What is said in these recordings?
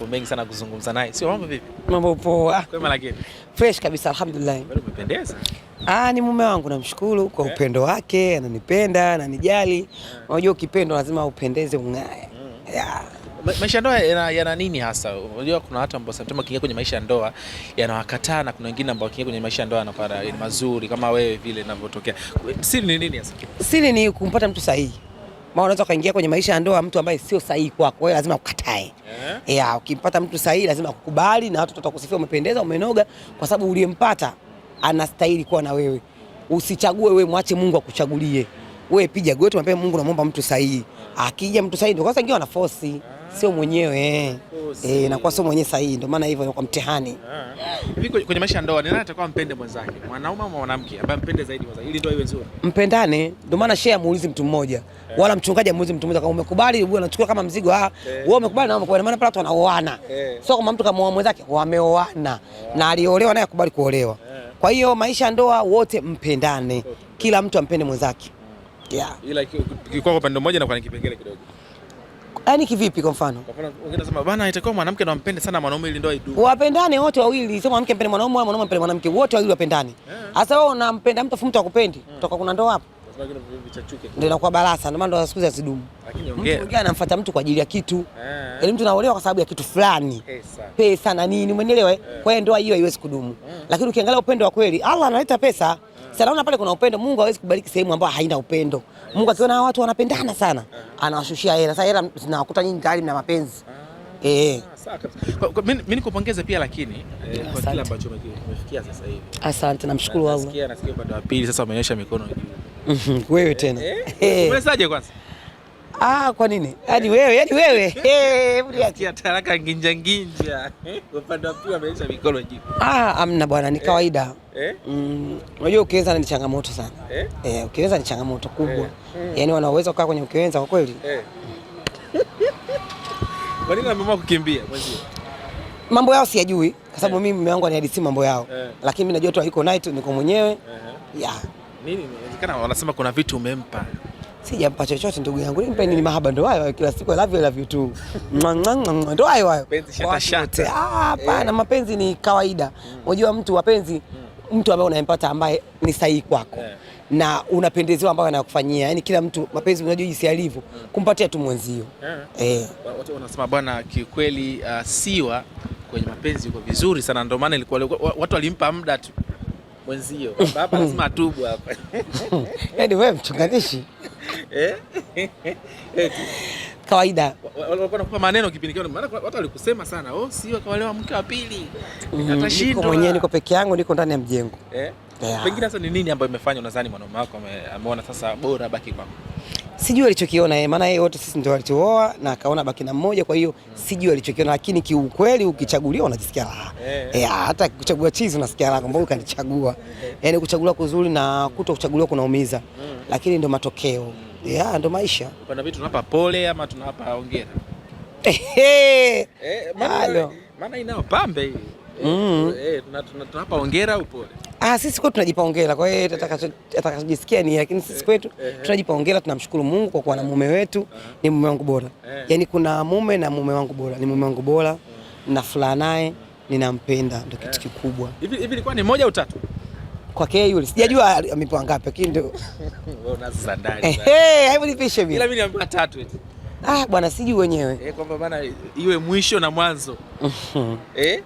mambo mengi sana kuzungumza naye. Sio mambo vipi? Mambo poa. Ah, kwema lakini. Fresh kabisa alhamdulillah. Bado umependeza. Ah, ni mume wangu namshukuru kwa yeah, upendo wake, ananipenda, ananijali. Unajua yeah, ukipendwa lazima upendeze ung'ae. Mm. Yeah. Maisha ndoa yana, yana nini hasa? Unajua kuna watu ambao wanasema kiingia kwenye maisha ndoa yanawakataa na kuna wengine ambao kiingia kwenye maisha ya ndoa yanapata mazuri kama wewe vile inavyotokea. Siri ni nini hasa? Siri ni kumpata mtu sahihi maana unaweza ukaingia kwenye maisha ya ndoa mtu ambaye sio sahihi kwako, wewe lazima ukatae. Yeah, ukimpata mtu sahihi lazima kukubali, na watu watakusifia umependeza, umenoga, kwa sababu uliyempata anastahili kuwa na wewe. Usichague wewe, mwache Mungu akuchagulie wewe. Piga goti, mwambie Mungu, naomba mtu sahihi. Akija mtu sahihi ndio kwanza ingia wana force. Eh? sio mwenyewe eh. Oh, eh, inakuwa sio mwenyewe sahihi, ndio maana hivyo kwa mtihani. Ah. Hivi yeah. kwenye maisha ya ndoa ni nani atakao mpende mwenzake, mwanaume au mwanamke ambaye mpende zaidi mwenzake ili ndoa iwe nzuri? Mpendane, ndio maana shehe muulizi mtu mmoja yeah. wala mchungaji muulizi mtu mmoja kama umekubali, wewe unachukua kama mzigo ah, eh. wewe umekubali na umekubali, maana pale watu wanaoana yeah. sio kama mtu kama mwenzake wameoana yeah. na aliolewa naye akubali kuolewa yeah. Kwa hiyo maisha ya ndoa wote mpendane, okay. kila mtu ampende mwenzake hmm. yeah. Ila kwa upande mmoja na kwa kipengele kidogo Yaani kivipi kwa mfano? Kwa mfano wengine wanasema bana itakuwa mwanamke na mpende sana mwanaume ili ndoa idumu. Wapendane wote wawili, sio mwanamke mpende mwanaume, au mwanaume mpende mwanamke, wote wawili wapendane. Sasa eh. yeah. wewe unampenda mtu afu mtu akupendi, yeah. Hmm. toka kuna ndoa hapo. Sasa Ndio inakuwa balasa, ndio maana ndoa siku hazidumu. Lakini ongea. Mtu anamfuata mtu kwa ajili ya kitu. Yeah. Yaani mtu anaolewa kwa sababu ya kitu fulani. Pesa. Pesa na nini, umeelewa? Yeah. Eh. Kwa hiyo ndoa hiyo haiwezi kudumu. Yeah. Lakini ukiangalia upendo wa kweli, Allah analeta pesa. Yeah. Sasa naona pale kuna upendo, Mungu hawezi kubariki sehemu ambayo haina upendo. Mungu akiona watu wanapendana sana, anawashushia hela. Sasa hela zinawakuta nyinyi tayari mna mapenzi. Ah, eh, mimi nikupongeze pia lakini eh, kwa kile ambacho umefikia sasa hivi. Asante, namshukuru Allah. Nasikia nasikia upande wa pili sasa umeonyesha mikono juu. Mhm, wewe tena. Eh, eh, Umesaje kwanza? Ah, kwa nini? Yaani wewe, yaani wewe. Eh, mliachia taraka nginja nginja. Eh, upande wa pili ameisha mikono jiko. Ah, amna bwana, ni eh. kawaida. Eh? Mm, unajua ukiweza ni changamoto sana. Eh? Eh, ukiweza ni changamoto kubwa. Eh, yaani wanaweza kukaa kwenye ukiweza kwa kweli. Eh. Kwa nini ameamua kukimbia mwanzo? Mambo yao siyajui kwa sababu mimi mume wangu anihadithia mambo yao. Lakini mimi najua tu yuko night niko mwenyewe. Eh. Yeah. Nini? Inawezekana wanasema kuna vitu umempa. Sijampa chochote ndugu yangu, nimpe nini? Mahaba ndo hayo kila siku, I love you, I love you tu ndo hayo hayo. Ah, eh. Hapana, mapenzi ni kawaida. Unajua mtu wapenzi, mtu ambaye unampata ambaye ni sahihi kwako eh. na unapendezewa ambayo anakufanyia, yani kila mtu mapenzi, unajua jinsi alivyo, kumpatia tu mwenzio. Eh, eh. watu wanasema bwana, kiukweli ah, Siwa kwenye mapenzi uko vizuri sana, ndio maana ilikuwa watu walimpa muda tu mwenzio baba lazima atubu hapa. Yaani wewe mchunganishi eh? Kawaida walikuwa wanakupa maneno kipindi kile, maana watu walikusema sana, oh, si kaolewa mke wa pili mm-hmm. atashinda. Niko mwenyewe, niko peke yangu, niko ndani ya mjengo eh? Yeah. Pengine sasa ni nini ambayo imefanya unadhani mwanaume wako ameona sasa bora baki kwako? sijui alichokiona yeye, maana yeye wote sisi ndio walitooa na akaona baki na mmoja, kwa hiyo hmm. sijui alichokiona, lakini kiukweli ukichaguliwa unajisikia raha eh, eh hata kuchagua chizi unasikia raha kwamba ukanichagua. Eh. Yani kuchagulia kuzuri na kuto kutokuchaguliwa kunaumiza, hmm. lakini ndio matokeo hmm. ya ndio maisha. Kuna vitu tunapa pole ama tunapa hongera eh, eh maana inao pambe eh, tunapa hongera upole Ah, sisi kwetu tunajipa hongera. Kwa hiyo atakachojisikia ni lakini sisi kwetu tunajipa hongera, tunamshukuru Mungu kwa kuwa na mume wetu ni mume wangu bora. Yaani kuna mume na mume wangu bora, ni mume wangu bora na furaha naye, ninampenda ndio kitu kikubwa. Hivi hivi ilikuwa ni moja au tatu? Kwa kee yule. Sijajua amepewa ngapi lakini ndio. Wewe unaanza ndani. Eh, eh, hebu nipishe mimi. Ila mimi niambiwa tatu eti. Ah, bwana sijui wenyewe. Eh, kwamba bana iwe mwisho na mwanzo. Eh?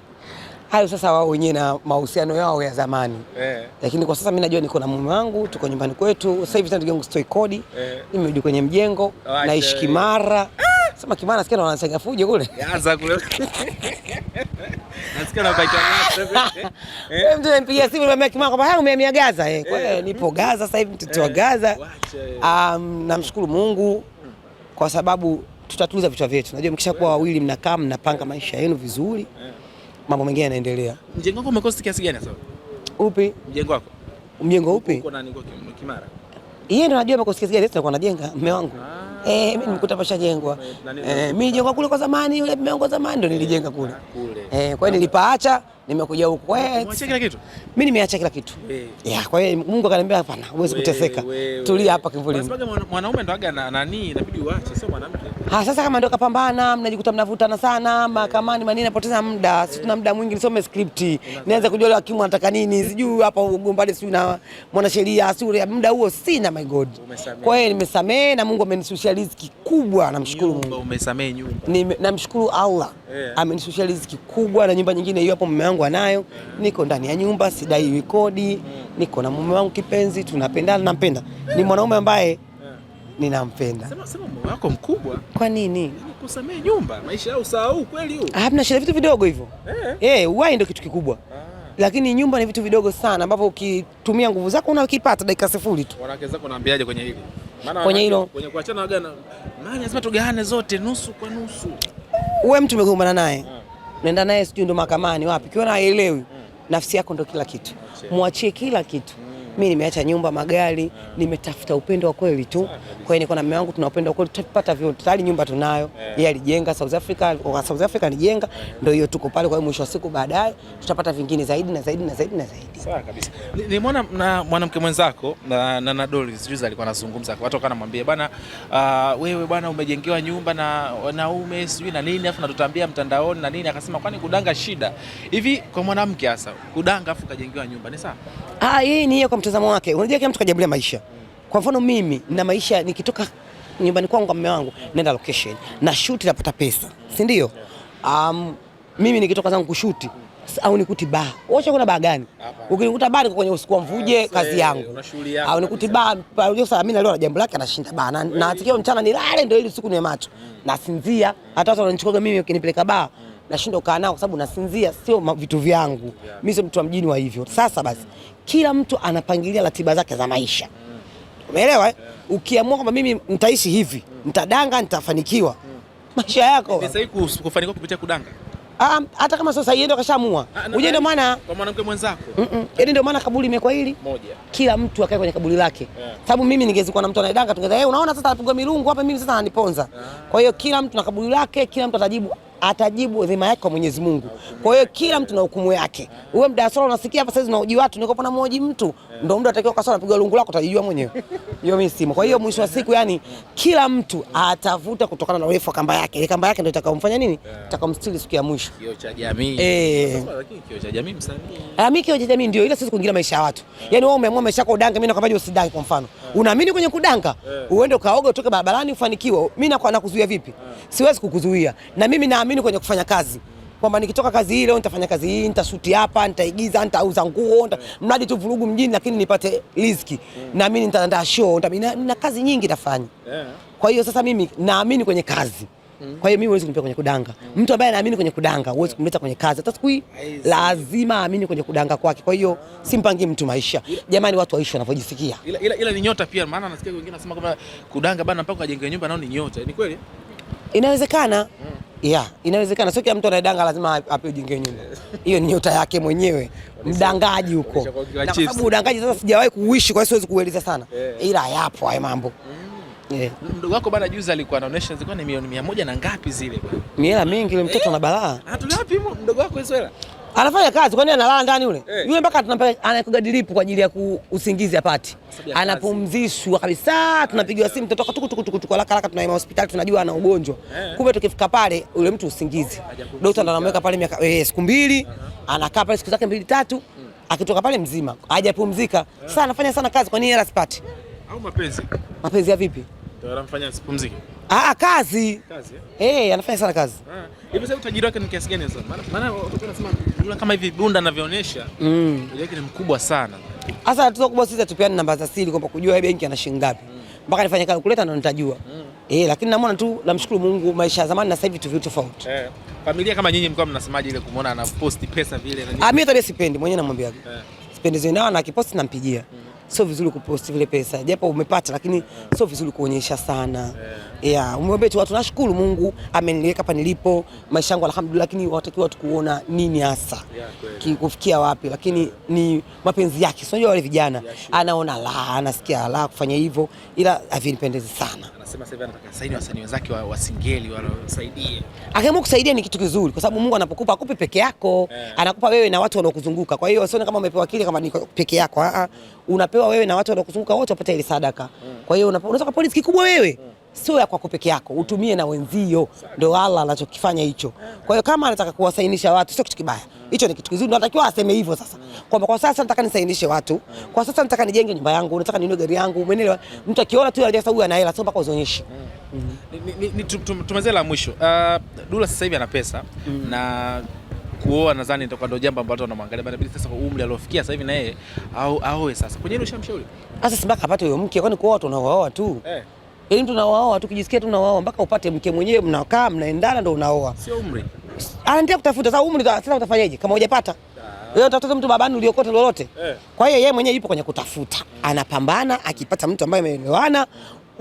hayo sasa wao wenyewe na mahusiano yao ya zamani eh. Lakini kwa sasa mimi najua niko na mume wangu, tuko nyumbani kwetu sasa hivi, ndugu yangu stoi kodi eh. Nimerudi kwenye mjengo oh, naishi Kimara ah. Sema Kimara nasikia wanasanga fujo kule mtu anampigia simu niambia Kimara kwamba umehamia Gaza eh. Kwa hiyo eh. nipo Gaza sasa hivi, mtoto wa eh. Gaza um, namshukuru Mungu kwa sababu tutatuliza vichwa vyetu. Najua mkishakuwa wawili mnakaa mnapanga maisha yenu vizuri eh mambo mengine yanaendelea. Mjengo wako umekosti kiasi gani sasa? Upi? Mjengo wako. Mjengo upi? Uko nani kwa Kimara? Yeye ndo anajua makosti kiasi gani sasa kwa najenga mume wangu. Ah. Eh, mimi nikuta jengwa. Eh, mimi jengo kule kwa zamani yule mume wangu zamani ndo eh, nilijenga kule. Eh, kwa hiyo nilipaacha nimekuja huku mimi nimeacha kila kitu yeah. Kwa hiyo Mungu akaniambia hapana, huwezi kuteseka, tulia hapa kivulini. Mwanaume ndo aga na nani, inabidi uache, sio mwanamke. Ha, sasa kama ndo kapambana, mnajikuta mnavutana sana mahakamani, manini napoteza muda, si tuna muda mwingi nisome script nianze kujua leo hakimu anataka nini, sijui hapa ugombani, sijui na mwanasheria, sijui muda huo sina, my God. Kwa hiyo nimesamehe na Mungu amenisushia riziki kubwa, namshukuru Mungu. Umesamehe nyumba. Namshukuru Allah yeah. kikubwa na nyumba nyingine hiyo hapo mume wangu anayo, niko ndani ya nyumba sidaiwi kodi, niko na mume wangu kipenzi, tunapendana, nampenda, ni mwanaume ambaye ninampenda. Sema sema mume wako mkubwa. Kwa nini? Kusamee nyumba, maisha yao, usahau kweli huo. hamna shida, vitu vidogo hivyo. Eh, eh uwai ndio kitu kikubwa lakini nyumba ni vitu vidogo sana ambavyo ukitumia nguvu zako unakipata dakika sifuri tu. Wanawake zako naambiaje kwenye hili? Maana kwenye hilo, kwenye kuachana waga na maana lazima tugawane zote nusu kwa nusu. Wewe mtu umegombana naye, unaenda hmm. naye sijui ndo mahakamani wapi, haelewi yeah. Hmm. nafsi yako ndo kila kitu, mwachie kila kitu. Hmm mi nimeacha nyumba, magari, nimetafuta upendo wa kweli tu. Kwa hiyo niko na mume wangu, tuna upendo wa kweli, tutapata vyote. Tayari nyumba tunayo, eh. yeye alijenga South Africa, kwa South Africa alijenga, ndio hiyo tuko pale. Kwa hiyo mwisho wa siku baadaye tutapata vingine zaidi na zaidi na zaidi na zaidi. Sawa kabisa. Nimeona na mwanamke mwenzako na na Doli sijui alikuwa anazungumza, watu wakawa namwambia uh, ah, wewe bwana umejengewa nyumba na wanaume sijui na nini, afu natutambia mtandaoni na nini, akasema kwani kudanga shida hivi kwa mwanamke hasa kudanga afu kajengewa nyumba ni sawa? Ah, hii ni hiyo mtazamo wake. Unajua kila mtu kajabulia maisha. Kwa mfano mimi na maisha nikitoka nyumbani kwangu kwa mume wangu naenda location na shoot napata pesa, si ndio? Um, mimi nikitoka zangu kushuti au nikuti ba. Wacha kuna baa gani? Ukinikuta baa niko kwenye usiku wa mvuje kazi yangu. Au nikuti baa, unajua sasa mimi nalio na jambo lake anashinda baa. Na natakiwa mchana nilale ndio ili usiku niwe macho. Nasinzia hata watu wananichukua mimi ukinipeleka baa nashindwa kukaa nao kwa sababu nasinzia, sio vitu vyangu yeah. Mimi sio mtu wa mjini wa hivyo. Sasa basi kila mtu anapangilia ratiba zake za maisha mm. Umeelewa eh? Yeah. Ukiamua kwamba mimi nitaishi hivi mm. nitadanga, nitafanikiwa mm. maisha yako sasa hivi kufanikiwa kupitia kudanga Ah, hata kama sasa yeye ndio kashaamua. Unajua ah, ndio maana kwa mwanamke mwenzako. Mhm. -mm. Yaani ndio maana kaburi imekuwa hili. Moja. Kila mtu akae kwenye kaburi lake. Yeah. Sababu mimi ningezikuwa na mtu anayedanga tungeza, "Eh, hey, unaona sasa anapiga mirungu hapa mimi sasa ananiponza." Yeah. Kwa hiyo kila mtu na kaburi lake, kila mtu atajibu atajibu dhima yake kwa Mwenyezi Mungu. Kwa hiyo kila mtu na hukumu yake. Uwe mdasoro unasikia hapa sasa unaoji watu niko pana mmoja mtu ndio mtu atakiwa kasoro apiga lungu lako utajijua mwenyewe. Hiyo mimi simu. Kwa hiyo mwisho wa siku yani kila mtu atavuta kutokana na urefu kamba yake. Ile kamba yake ndio itakayomfanya nini? Itakamstiri siku ya mwisho. Kio cha jamii. Eh. Lakini kio cha jamii msanii. Ah, mimi kio cha jamii ndio ile sisi kuingilia maisha ya watu. Yaani wewe umeamua maisha yako udanga, mimi nakwambia usidanga kwa mfano. Unaamini kwenye kudanga? Uende ukaoga utoke barabarani ufanikiwe. Mimi nakuzuia vipi? Siwezi kukuzuia. Na mimi na ninaamini kwenye kufanya kazi kwamba nikitoka kazi hii leo nitafanya kazi hii, nitasuti hapa, nitaigiza, nitauza nguo, nita, mm. mradi tu vurugu mjini, lakini nipate riziki mm. na mimi nitaandaa show, na, na kazi nyingi nitafanya yeah. Kwa hiyo sasa mimi naamini kwenye kazi mm. Kwa hiyo mimi huwezi kunipa kwenye kudanga mm. Mtu ambaye anaamini kwenye kudanga huwezi yeah. kumleta kwenye kazi hata siku hii, lazima aamini kwenye kudanga kwake. Kwa hiyo ah. simpangi mtu maisha jamani, watu waishi wanavyojisikia, ila, ila, ila ni nyota pia, maana nasikia wengine nasema kwamba kudanga bana mpaka ajenge nyumba nao ni nyota. Ni kweli inawezekana mm. Yeah, inawezekana sio kila mtu anayedanga lazima ape ujinge nyumba. Hiyo ni nyota yake mwenyewe. Mdangaji huko. Na sababu udangaji sasa sijawahi kuishi kwa hiyo siwezi kueleza sana. Eh. Ila yapo haya mambo. Yeah. Mdogo wako bana juzi alikuwa anaonesha zilikuwa ni milioni 100 na ngapi zile bwana. Ni hela mingi ile mtoto eh. ana balaa. Hatulipi ah, mdogo wako hizo hela. Anafanya kazi kwani analala ndani yule. Hey. Eh. Yule mpaka tunampa anakuga drip kwa ajili ya usingizi apate. Anapumzishwa kabisa, tunapigiwa eh. simu mtoto wako tukutukutuku haraka haraka tunaenda hospitali tunajua ana ugonjwa. Hey. Kumbe tukifika pale yule mtu usingizi. Oh, Daktari ndo anamweka pale miaka eh, siku mbili, Uh-huh. anakaa pale siku zake mbili tatu, hmm. Akitoka pale mzima, hajapumzika. Yeah. Sasa anafanya sana kazi kwani hela sipati. Au mapenzi? Mapenzi ya vipi? anafanya ah, ah, kazi. Kazi eh? Hey, eh, anafanya sana kazi. Ah, hivi sasa utajiri wake ni kiasi gani sasa? Maana watu wanasema kama hivi Bunda anavyoonyesha, mm. Yake ni mkubwa sana. Sasa tatizo kubwa sisi tupeane namba za siri kwamba kujua hii benki ana shilingi ngapi. Mm. Mpaka nifanye calculator na nitajua. Mm. Eh, lakini namuona tu namshukuru Mungu maisha ya zamani na sasa hivi tu vitu tofauti. Eh. Familia kama nyinyi mko mnasemaje ile kumuona anaposti pesa vile na nini? Ah, mimi tabia sipendi, mwenyewe namwambia. Eh. Sipendi zinao na akiposti nampigia. Mm sio vizuri kuposti vile pesa, japo umepata, lakini sio vizuri kuonyesha sana. Yeah, umwambie tu watu, nashukuru Mungu ameniweka hapa nilipo, maisha yangu alhamdulillah, lakini watakiwa watu kuona nini hasa yeah, kufikia wapi, lakini ni mapenzi yake. sio wale vijana yeah, sure. Anaona la, anasikia la kufanya hivyo, ila havinipendezi sana anasema sasa hivi anataka saini wasanii wenzake wa, wasingeli wanasaidie. Akiamua kusaidia ni kitu kizuri, kwa sababu Mungu anapokupa akupe peke yako yeah. Anakupa wewe na watu wanaokuzunguka. Kwa hiyo usione kama umepewa kile kama ni peke yako, Ah, a, ah. unapewa wewe na watu wanaokuzunguka wote wapate ile sadaka. Hmm. Kwa hiyo unataka polisi kikubwa wewe mm sio ya kwako peke yako, utumie na wenzio. Ndo Allah anachokifanya hicho. Kwa hiyo kama anataka kuwasainisha watu, sio kitu kibaya hicho, ni kitu kizuri, natakiwa aseme hivyo. Sasa kwamba kwa sasa nataka nisainishe watu, kwa sasa nataka nijenge nyumba yangu, nataka ninunue gari yangu, umeelewa? Mtu akiona tu anajua huyu ana hela, sio mpaka uzionyeshe. Tumezea la mwisho, ah, Dula sasa hivi ana pesa na kuoa nadhani itakuwa ndio jambo ambalo wanamwangalia bana, bila sasa kwa umri aliofikia sasa hivi na yeye au aoe sasa. Kwenye hilo ushamshauri sasa, si mpaka apate huyo mke, kwani kuoa tunaoa tu eh. Yaani tunaoa tukijisikia tunaoa mpaka upate mke mwenyewe mnakaa mnaendana ndio unaoa. Sio umri. Anaendelea kutafuta sasa umri sasa utafanyaje kama hujapata? Ah. Wewe utatafuta mtu babani uliokota lolote. Eh. Kwa hiyo yeye mwenyewe yupo kwenye kutafuta. Eh. Anapambana akipata mtu ambaye ameelewana,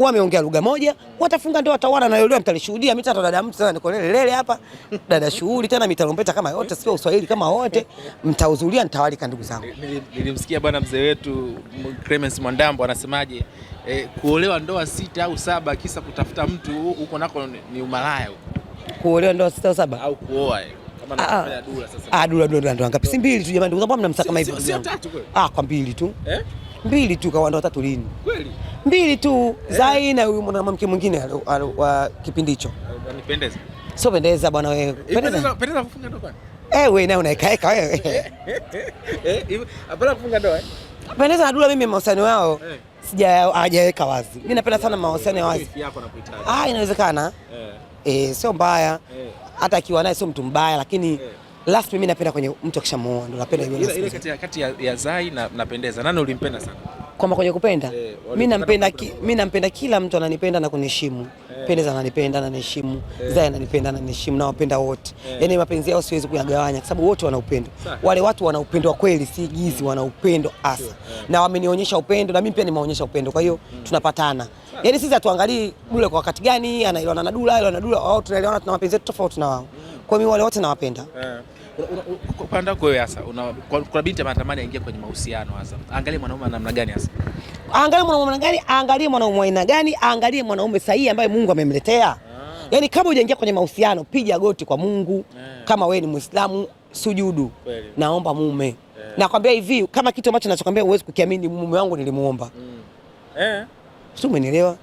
wameongea lugha moja, watafunga ndoa tawala, yule mtalishuhudia. Mimi tata dada mtu sana niko lele lele hapa, dada shughuli tena, mitalompeta kama yote, sio uswahili kama wote, mtahudhuria, nitawalika ndugu zangu. Nilimsikia bwana mzee wetu Clemence Mwandambo anasemaje, eh, kuolewa ndoa sita au saba kisa kutafuta mtu huko nako ni umalaya huko. Kuolewa ndoa sita au saba au kuoa eh, kama dura dura ndo ngapi? Si mbili tu jamani, ndugu zangu, mbona mnamsaka kama hivyo. Sio tatu kweli? Ah, kwa mbili tu eh, mbili tu, kwa ndoa tatu lini kweli? mbili tu eh. za aina huyu mwanamke mwingine wa kipindi hicho. Unanipendeza. Sio pendeza bwana wewe. Eh, pendeza pendeza kufunga ndoa. Eh, wewe unaeka eka wewe. Eh, hapana kufunga ndoa. eh? Pendeza na Dula mimi mahusiano yao eh. sija hajaweka wazi. Mimi napenda sana mahusiano ya wazi. Ah, inawezekana. Eh, sio mbaya. Hata akiwa naye sio mtu mbaya lakini last mimi napenda kwenye mtu akishamuoa ndo napenda kati ya kati ya Zai na napendeza. Nani ulimpenda sana? kwamba kwenye kupenda eh, mimi nampenda ki, mimi nampenda kila mtu ananipenda na kuniheshimu eh. Pendeza ananipenda na niheshimu eh. Zaya ananipenda na niheshimu na wapenda wote eh. Yani mapenzi yao siwezi kuyagawanya kwa sababu wote wana upendo. Wale watu wana upendo wa kweli, si gizi, wana upendo hasa eh. Na wamenionyesha upendo na mimi pia nimeonyesha upendo, kwa hiyo mm. tunapatana Saha. Yani sisi hatuangalii Dula kwa wakati gani anaelewana na Dula, anaelewana na Dula, au tunaelewana, tuna mapenzi yetu tofauti na wao mm. Kwa mimi wale wote nawapenda eh. Upande wako wewe hasa, kuna binti anatamani aingie kwenye mahusiano hasa, angalie mwanaume namna gani hasa, angalie mwanaume namna gani, angalie mwanaume aina gani, angalie mwanaume sahihi ambaye Mungu amemletea. Ah. Yaani kabla hujaingia kwenye mahusiano, piga goti kwa Mungu. Eh. Kama wewe ni Muislamu, sujudu, naomba mume. Eh. Nakwambia hivi, kama kitu ambacho ninachokwambia huwezi kukiamini, mume wangu nilimuomba. Mm. Eh si umenielewa?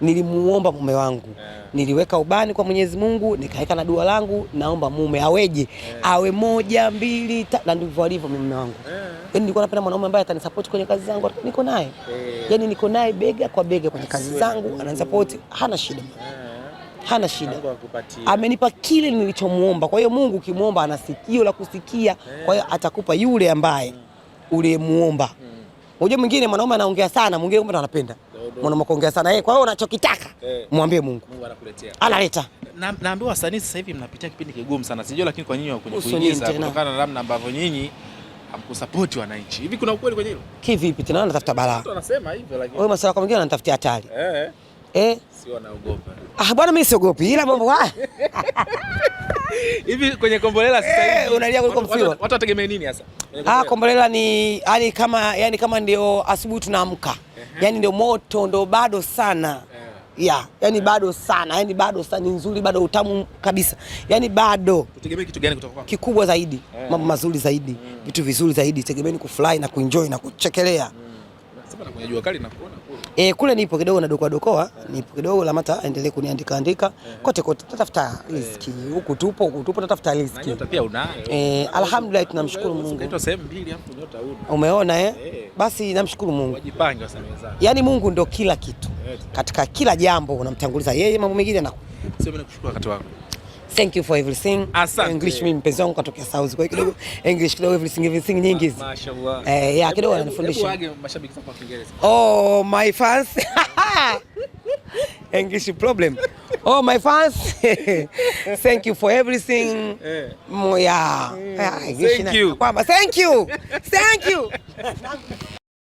Nilimuomba mume wangu yeah. Niliweka ubani kwa Mwenyezi Mungu, nikaweka na dua langu, naomba mume aweje, yeah. awe moja mbili ta, na ndivyo alivyo mume wangu yeah. Yani nilikuwa napenda mwanaume ambaye atanisupport kwenye kazi zangu, niko naye yeah. Yani niko naye bega kwa bega kwenye kazi zangu, ananisupport, hana shida yeah hana shida, amenipa kile nilichomuomba. Kwa hiyo Mungu ukimwomba, ana sikio la kusikia, yeah. kwa hiyo atakupa yule ambaye mm. uliyemuomba. mm. Unajua mwingine mwanaume anaongea sana, mwingine kumbe anapenda. Mwanaume kuongea sana yeye. Kwa hiyo unachokitaka eh. mwambie Mungu. Mungu anakuletea. Analeta. Na, naambiwa wasanii sasa hivi mnapitia kipindi kigumu sana. Sijui lakini kwa nyinyi wa kuingiza kutokana na namna ambavyo nyinyi hamkusupport wananchi. Hivi kuna ukweli kwenye hilo? Kivipi tena anatafuta balaa. Mtu anasema hivyo lakini. Wewe masuala kwa mwingine anatafutia hatari. Eh. Eh? Si wanaogopa. Ah, bwana mimi siogopi ila mambo haya. Hivi kwenye Kombolela sasa hivi eh, unalia kuliko mfiro. Watu wategemea nini sasa? Ah, Kombolela ni yani kama yani kama ndio asubuhi tunaamka. Uh-huh. Yaani ndio moto ndio bado sana. Yeah, yani bado sana, yani bado sana ni nzuri, bado utamu kabisa. Yani bado. Tutegemee kitu gani kutoka kwako? Kikubwa zaidi, yeah. Mambo mazuri zaidi, mm. vitu mm. vizuri zaidi. Tegemeeni kufurahi na kuenjoy na kuchekelea. Mm. Sasa na kwenye jua kali na kuona. E, kule nipo kidogo na dokoa dokoa, nipo kidogo Lamata, endelee kuniandika andika kote kote, tatafuta riziki huku tupo, huku tupo tatafuta riziki. Eh, alhamdulillah tunamshukuru Mungu. Umeona eh? Basi namshukuru Mungu, yani Mungu ndo kila kitu katika kila jambo, unamtanguliza yeye, mambo mengine Thank you for everything. Asante. English mimi mpenzi wangu kutoka South. Kwa kidogo English kidogo everything everything nyingi Mashaallah. Eh, yeah kidogo ananifundisha. Mashabiki kwa Kiingereza. Oh, my fans. English problem. Oh, my fans. Thank you for everything. Eh. Moya. Yeah. Mm. Thank you. Thank you. Thank you.